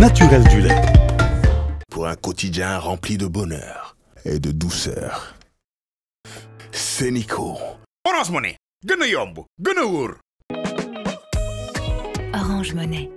naturel du lait. Pour un quotidien rempli de bonheur et de douceur. C'est Nico. Orange Money. Orange Monnaie.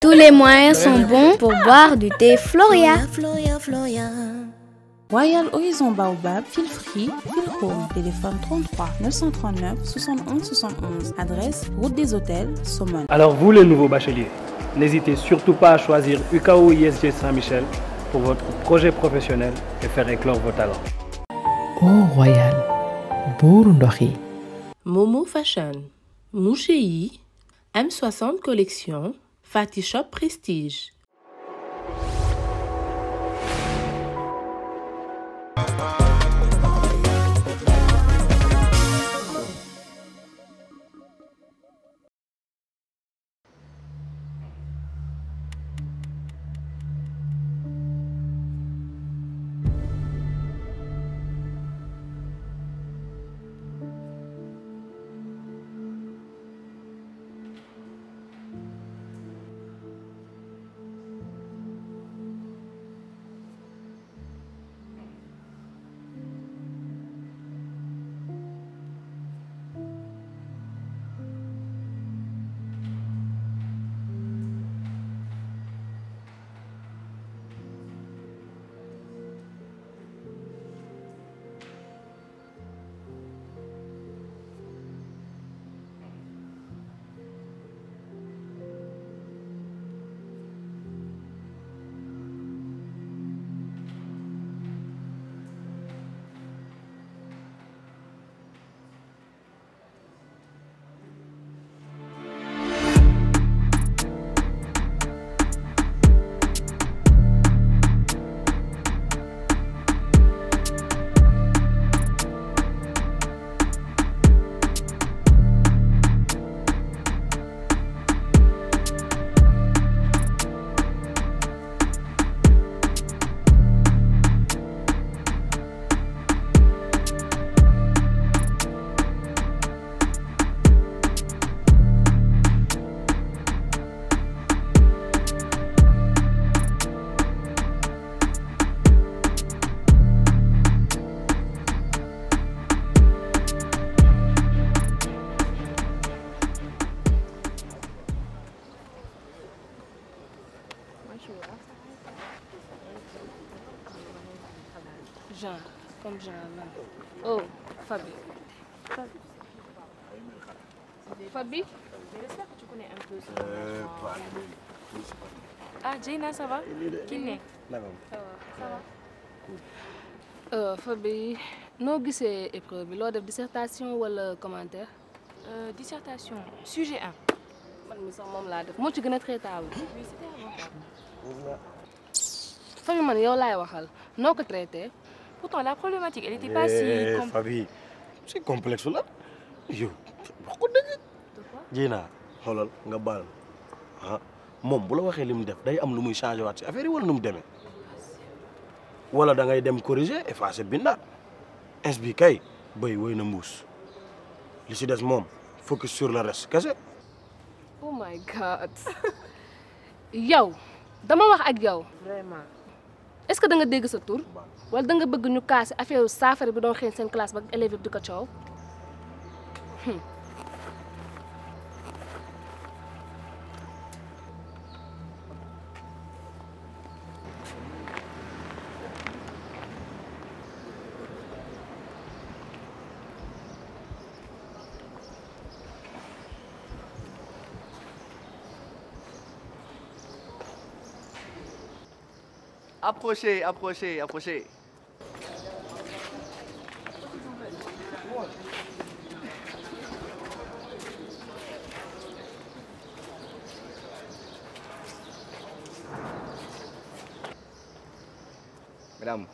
Tous les moyens sont bons pour ah. boire du thé Floria. Floria, Royal Horizon Baobab, fil free, Téléphone 33 939 71 71. Adresse Route des Hôtels, Saumon. Alors vous les nouveaux bacheliers N'hésitez surtout pas à choisir UKO ISG Saint-Michel pour votre projet professionnel et faire éclore vos talents. Oh Royal, Burundori. Momo Fashion, Mouchei, M60 Collection, Fatishop Prestige. Ah, Jaina, ça va Kiné Ça va. Euh, Fabi, nous avons épreuve. Lors de dissertation ou le commentaire euh, Dissertation, sujet 1. Moi, tu connais très tard. Oui, c'était avant. Fabi, man, yow lay waxal noko traité pourtant la problématique elle était pas eh, si complexe Fabi c'est complexe là Yo, beaucoup de. deug de quoi Jaina xolal nga bal ah moom bu la waxee li mu def day am lu muy changé waat si affaire yi wala nu mu demee wala da ngay dem corriger effacer bindaat ins bi kay bay woy na mbuus li si des moom focus sur la reste kese. oh my dama wax ak yow. vraiment. est-ce nga dégg sa tur wala da nga bëgg ñu kaasi affaire saafare bi doon xeeñ seen classe ba élève yëpp ko coow. Hmm. approchez, approchez, approchez. Madame...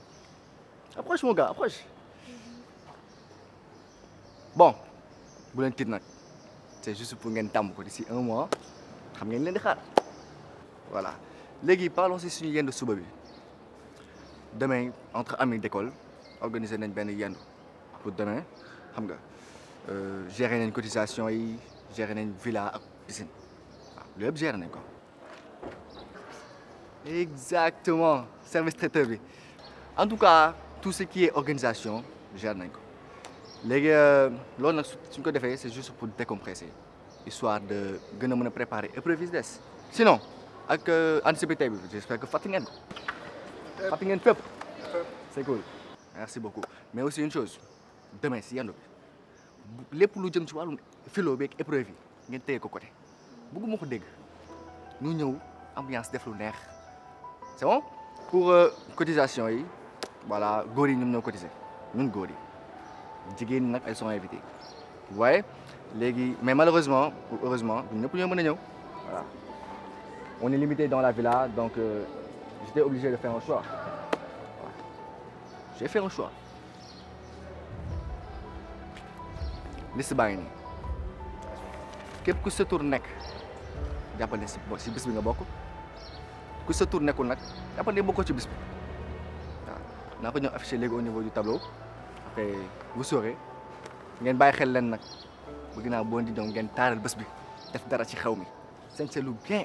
approche mon gars, approche. Bon, vous leen tiit c'est juste pour ngeen tàmm d'ici un mois xam ngeen un di xaar voilà léegi parlons si suñu yendu de bi demain entre amis d'école organiser une benn pour demain xam euh, gérer une cotisation et gérer une villa piscine le loolu gérer nañ ko. exactement service traiteur bien. en tout cas tout ce qui est organisation gérer nañ ko ce que euh, nag suñ ko c'est juste pour décompresser histoire de nous préparer et préviser. sinon avec euh, anticiper bi j'espère que fàttali euh, Tapping and flip. C'est cool. Merci beaucoup. Mais aussi une chose, demain si yandu bi lépp lu jëm ci wàllum philo beeg épreuve yi ngeen téye ko côté bëgguma ko dégg ñu ñëw ambiance def lu neex c'est bon. pour euh, cotisation yi voilà Gori yi ñoom ñoo cotiser ñun góor yi jigéen ñi nag elles sont invitées waaye léegi mais malheureusement heureusement ñun ñëpp ñoo mën a ñëw voilà on est limité dans la villa donc. Euh, j'étais obligé de faire un choix. J'ai fait un choix. li si bàyyi nii képp ku sa tur nekk jàppal ne si si bis bi nga bokk ku se tur nekkul nak, jàppal ne bokkoo ci bis bi Na naa ko ñëw affiché léegi au niveau du tableau après vous saurez ngeen baye xel leen nak. bëgg naa boo di ñëw ngeen taral bis bi def dara ci xew mi sañse lu bien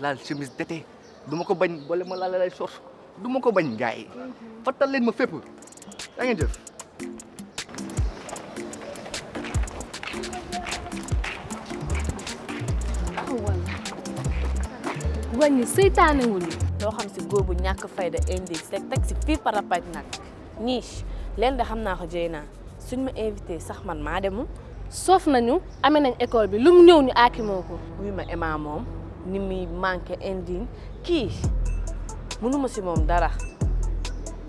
La chemise d'été duma ko bañ boole ma laala lay sos du ko bañ gars yi mhm. fattal leen ma fépp yaa ngeen jëf wàññi seytaane loo xam si góor bu ñàkk fayda indi teg teg si fii parapaj nag ñii leen da xam naa ko jëy naa suñ ma invité sax man maa demul soof nañu amee nañ école bi lu mu ñëw ñu aaki moo ko wuy ma Emma moom ni muy manqué indigne kii mënuma ci moom dara.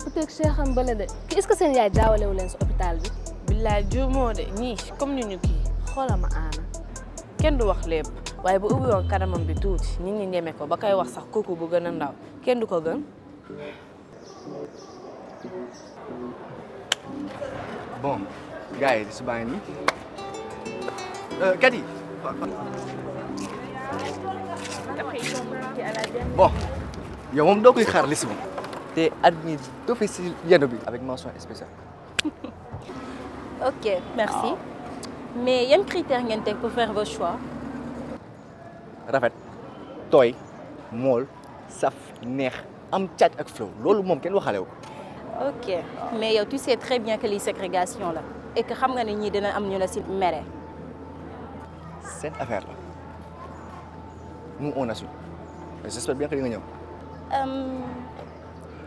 uteeg Cheikh am bële de kii est-ce seen yaay jaawalewu leen hôpital bi. billaay juumoo de ñii comme ni ñu kii xoola aana kenn du wax lépp waaye bu ubbi woon kanamam bi tuuti nit ñi ñeme ko ba koy wax sax kooku bu gën a ndaw kenn du ko gën. bon gars yi nii euh, kat bon yow moom doo koy qui est bi te admis d'office si yenn avec mention spéciale. ok merci ah. mais yan critères ngeen teg pour faire vos choix. rafet toi, mol, saf ner, am caaj ak flow loolu moom kenn waxale ok mais tu sais très bien que les ségrégations là et que xam nga ne ñii dina am ñu la si affaire là nous on a su. J'espère bien que vous euh,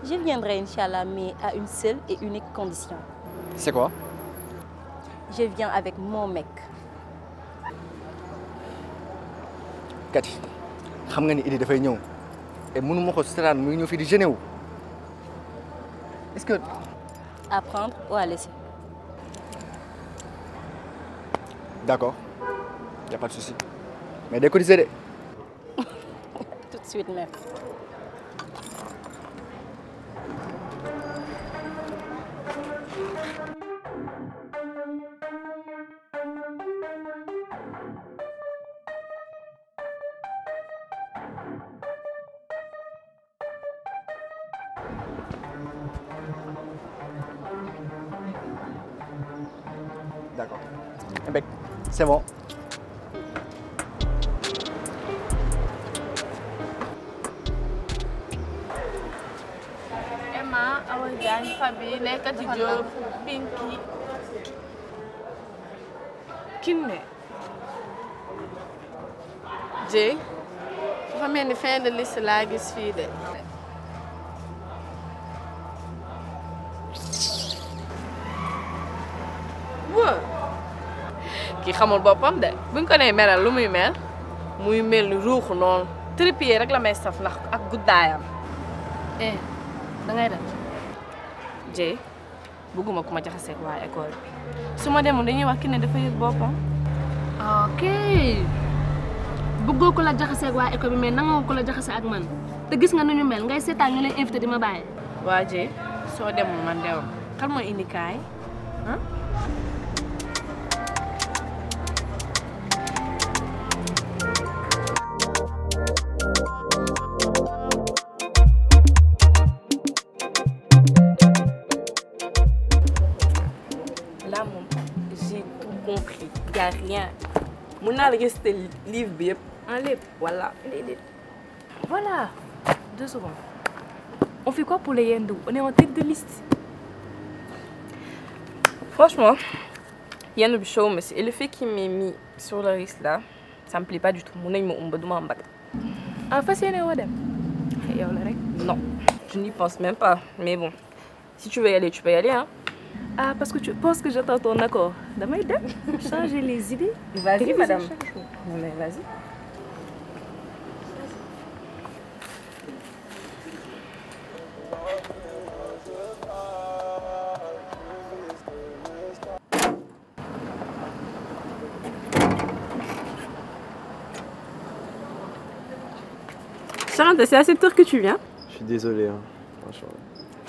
Je viendrai, Inch'Allah, mais à une seule et unique condition. C'est quoi Je viens avec mon mec. Cathy, Je sais que l'idée est venue. Et je ne peux pas me faire de gêner. Est-ce que... Apprendre ou à laisser D'accord. Il n'y a pas de souci. Mais vous suite même. D'accord. Eh ben, c'est bon. Fabi, né? Tá Pinky. Kinne. Jay, van mijn fijne lisse lagers vierde. Wow. Ki xamul boppam de buñ ko nee meral lu muy mel muy mel ni ruuxu noonu tërëpiyee rek la may saf een ak guddaayam. eh da ngay def. Dieye bëgguma ku ma jaxasee waa école bi su ma demoon dañuy wax ki ne dafa yëg boppam. ok bëggoo ko la jaxasee ak waa école bi mais nangoo ko la jaxase ak man te gis nga nu ñu mel ngay seetaan ñu lay invité di ma bàyyi. waa Dieye soo dem man dewoon kan mooy indi là j'ai tout compris Il y a rien Mon âme reste rester livre voilà voilà deux secondes on fait quoi pour les Yendo on est en tête de liste franchement Yendo bi show ma le fait qu'il m'ait mis sur le risque là ça me plaît pas du tout Mon âme ma umba duma en En En fait, c'est woo dem la non je n'y pense même pas mais bon si tu veux y aller tu peux y aller hein ah, parce que tu penses que j'attends ton accord. d'accord. changer les idées. Vas-y, madame. Non, mais vas-y. Charlotte, c'est à cette heure que tu viens Je suis désolé, hein. franchement.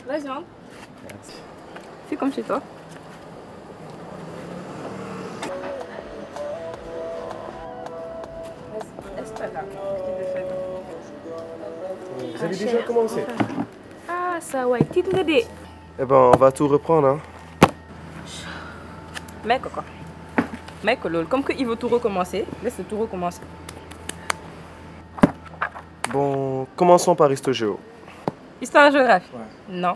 Vas-y, c'est comme chez toi. Vous avez déjà commencé Ah, ça, ouais. te de Eh ben, on va tout reprendre, hein. Mec, quoi. Mec, lol. Comme il veut tout recommencer, laisse tout recommencer. Bon, commençons par Histo-Géo. Histoire-géographie Non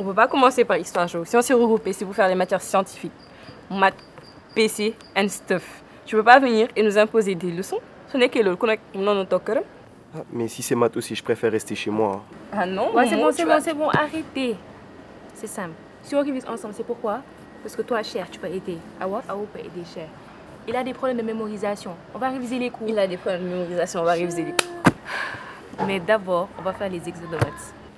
on peut pas commencer par histoire géo. Si on s'est regroupé, c'est pour faire les matières scientifiques, maths, PC and stuff. Tu peux pas venir et nous imposer des leçons. Ce n'est que le non ah, mais si c'est maths aussi, je préfère rester chez moi. Ah non C'est bon, c'est bon, arrêtez. C'est simple. Si on révise ensemble, c'est pourquoi Parce que toi, cher, tu peux aider. Ah, ah peut aider, cher. Il a des problèmes de mémorisation. On va réviser les cours. Il a des problèmes de mémorisation, on va réviser les cours. Mais d'abord, on va faire les exercices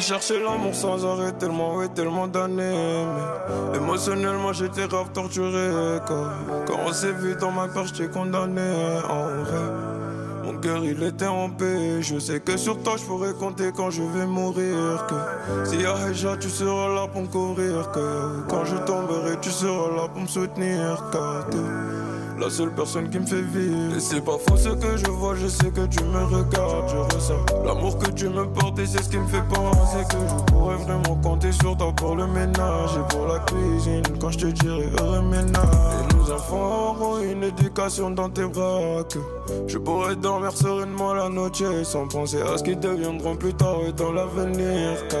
J'ai cherché l'amour sans arrêt, tellement, oui, tellement d'années. Mais émotionnellement, j'étais grave torturé. Quand, quand on s'est vu dans ma peur, j'étais condamné en vrai. Mon cœur, il était en paix. Je sais que sur toi, je pourrais compter quand je vais mourir. Que si déjà tu seras là pour me courir. Que quand je tomberai, tu seras là pour me soutenir la seule personne qui me fait vivre. Et c'est pas faux ce que je vois, je sais que tu me regardes, je ressens. L'amour que tu me portes, et c'est ce qui me fait penser que je pourrais vraiment compter sur toi pour le ménage et pour la cuisine. Quand je te dirai, heureux ménage. Et nos enfants auront une éducation dans tes bras que je pourrais dormir sereinement la nuit sans penser à ce qu'ils deviendront plus tard et dans l'avenir. Car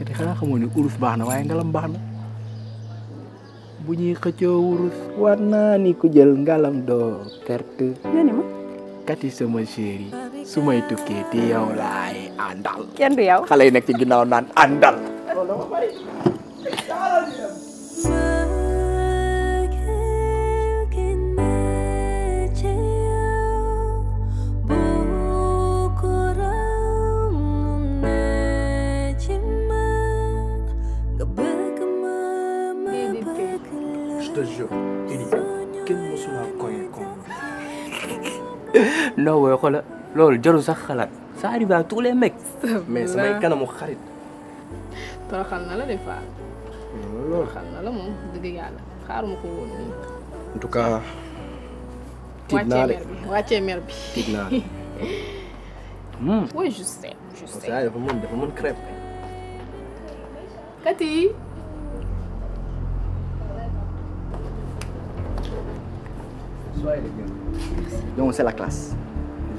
ndekete xanaa kamu ni urus baax na waaye ngalam baax na bu urus warna ni ku jël ngalam do perte nga iya ni ma kati sama chéri semua itu tukkee yang yow andal àndal dia du yow xale yi andal ci naan لا لو يقول لو الجرو سخلا ساري بقى تقول ايه مك ما سمعي كان مخرج ترى خلنا لا دفاع خلنا لا مو دقيقة على خارو مكون انتوكا تبنالي واتي ميربي تبنالي وي جوستي جوستي هذا فمون فمون كريب كاتي Donc c'est la classe.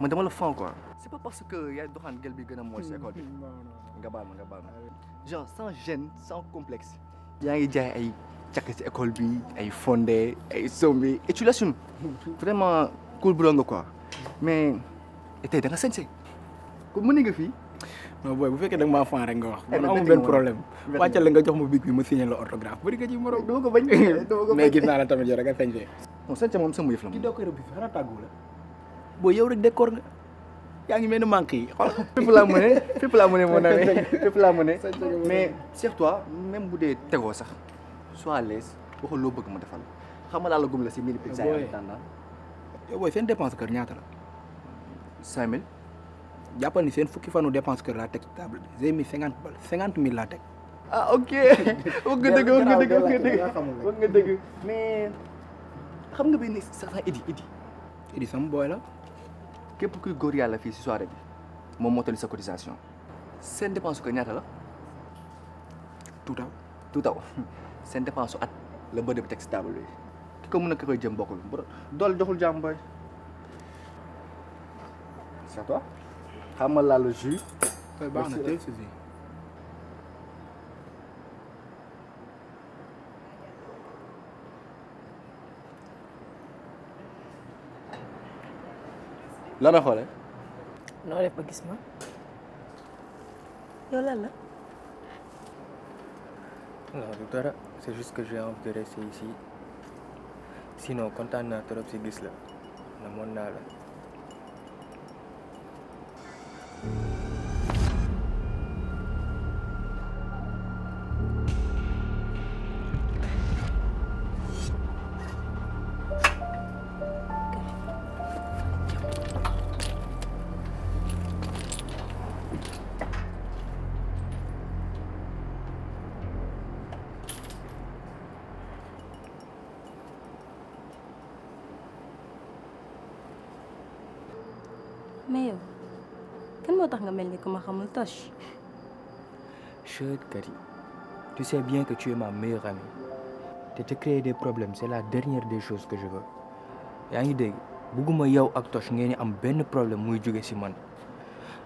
ma dama la fan quoi. parce que yaay doxaan gel bi gën a mooy si école bi nga baal ma nga baal ma genre sans gêne sans complexe. yaa ngi jaay ay càkk si école bi ay fondé ay zombie et tu l'assumes vraiment cool bu bu nga maa fan rek nga wax. Eh, man amul benn problème ma bic bi ma gis naa la tamit yow da nga sañse. non sañse moom sama yëf la moom. la. boy yow rek décor nga yaa ngi mel ni manque yi xool fépp laa mune fépp laa mëne mon ami fépp laa mëne mais Cheikh toi même boudé tégo sax sois à l'aise waxal loo bëgg ma defal xamal la gum la ci mille pizza yi tanda yow boy sen dépense kër ñaata la 5000 mille ni sen fukki fanu dépense kër la tek ci table bi j'ai mis bal 50000 la tek ah ok wax nga dëgg wax nga dëgg wax nga dëgg nga dëgg mais xam nga bi ni sax Idi Idi edi sama boy la képp kuy góor yàlla fii si soirée bi moom moo tolli sa cotisation seen dépense ko ñaata la. tuutaw tuutaw seen dépense su at la ba bi teg si table bi ki ko mën a jëm bokkul dool joxul jàmm bay c'est toi xamal laa le jus. baax na lan la xoolee. noo def ba gis ma. Yo lan la. non du dara c'est juste que j'ai envie de rester ici sinon kontaan naa trop si gis la na mon na la. mais yow kan moo fait nga que ni ku ma Toch. chut tu sais bien que tu es ma meilleure amie te te créer des problèmes c'est la dernière des choses que je veux Et ngi dégg bëgguma yow ak Tosh, tu am un problème muy jóge ci man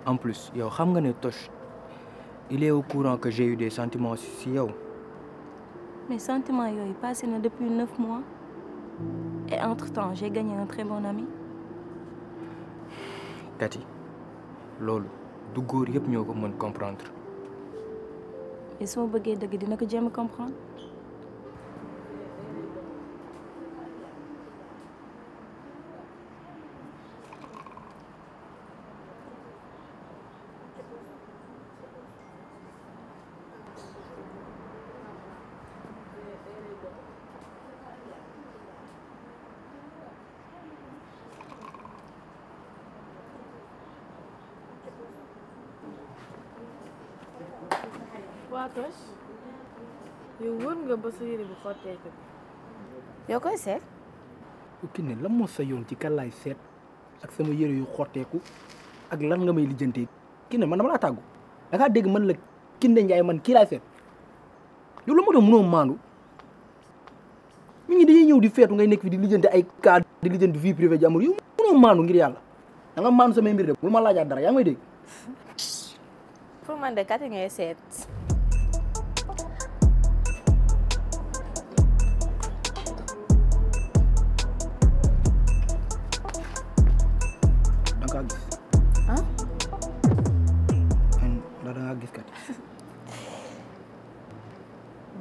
en plus tu xam nga ne il est au courant que j'ai eu des sentiments ci yow. mes sentiments yooyu passé depuis 9 mois et entre temps j'ai gagné un très bon ami. kat yi loolu du góor yëpp ñoo ko mën comprendre. et su ma bëggee dëgg dina ko jéem comprendre. 17 يقول قبل سيري بخاطي yow koy seet ki ne lan moo sa yoon ci kan laay seet ak sama yére yu xotteeku ak lan nga may lijjantee ki mana man dama laa tàggu da ngaa dégg man la kinde njaay man kii laay seet yow ya, udah ma doon mënoo maandu ñu di feetu ngay nekk fi di ay cas di lijjante vie privée jàmbur yow mënoo maandu ngir yàlla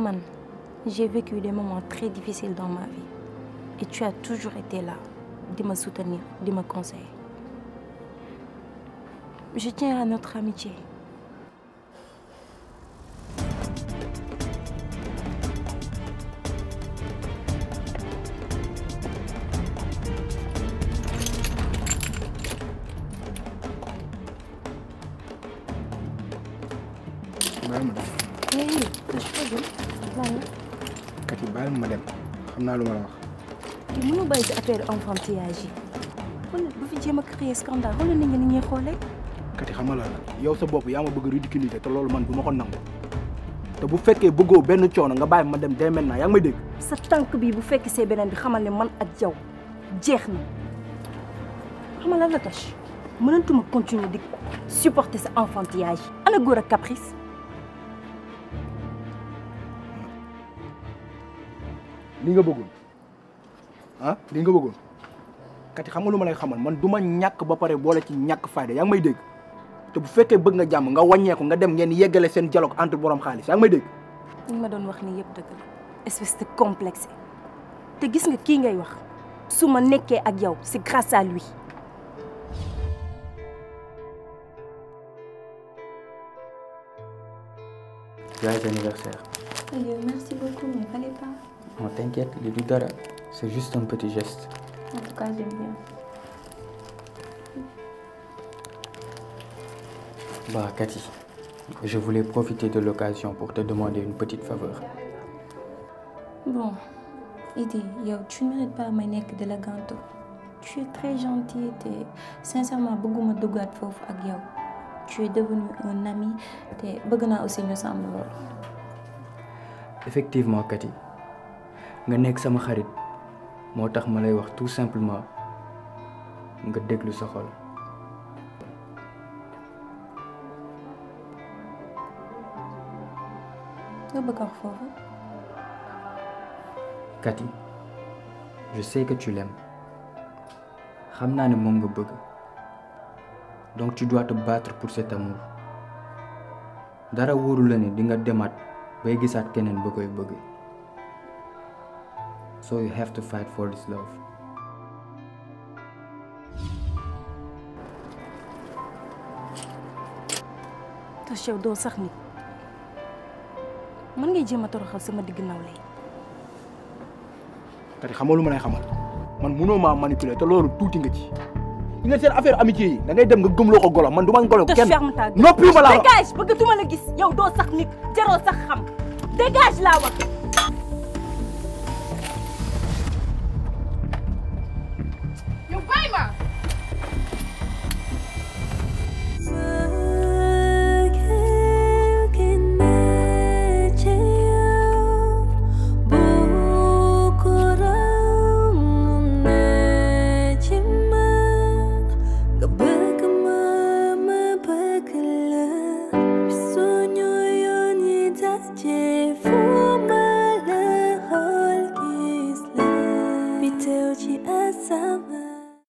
Man, j'ai vécu des moments très difficiles dans ma vie. Et tu as toujours été là, de me soutenir, de me conseiller. Je tiens à notre amitié. kii mënul bàyyi ci affaire enfantillage yi wala bu fi jéem a créer scandale wala nit ñi ni ñuy xoolee. kati xam nga la yow sa bopp yaa ma bëgg ridiculiser te loolu man bu ma ko nangu te bu fekkee bëggoo benn coono nga bàyyi ma dem dès maintenant yaa ngi may dégg. sa tànk bi bu fekkee see beneen bi xamal ne man ak yow jeex na xamal la Tache mënatuma continuer di supporter sa enfantillage ana góor ak caprice. li nga bëggoon. ah li nga bëggoon kati xam nga lu ma lay xamal man du ma ñàkk ba pare boole ci ñàkk fayda yaa ngi may dégg te bu fekkee bëgg nga jàmm nga wàññeeku nga dem ngeen yeggale seen dialogue entre borom xaalis yaa ngi may dégg. li ma doon wax nii yëpp dëgg la espèce de complexe te gis nga kii ngay wax su ma nekkee ak yow c'est grâce à lui. Joyeux anniversaire. Merci beaucoup, mais fallait pas. Non, t'inquiète, il est tout à C'est juste un petit geste. En tout cas, j'aime bien. Bah, Cathy, je voulais profiter de l'occasion pour te demander une petite faveur. Bon, Idée.. tu ne mérites pas ma nek de la ganto. Tu es très gentil et sincèrement, beaucoup de dougat fof avec Tu es devenu un ami et veux aussi nous Effectivement, Cathy, nga nek sama xarit motax tax ma lay wax tout simplement nga déglu sa xol nga bëgg wax foofu kati je sais que tu l'aimes xam naa ne moom nga bëgg donc tu dois te battre pour cet amour dara wuru la ne di nga demaat bay gisaat keneen ba koy bëgg So you have to fight for this love. tas yow doo sax Man mën ngay jéem a toroxal sama digg naw lay tari xamoo lu ma lay xamal man muno ma manipuler te loolu tuuti nga ci li nga affaire amitié yi da ngay dem nga gëmloo ko golo man duma ngol golo kenn noppi ma la dégage bëgg bëggatuma la gis yow do sax nit jaroo sax xam dégage la wax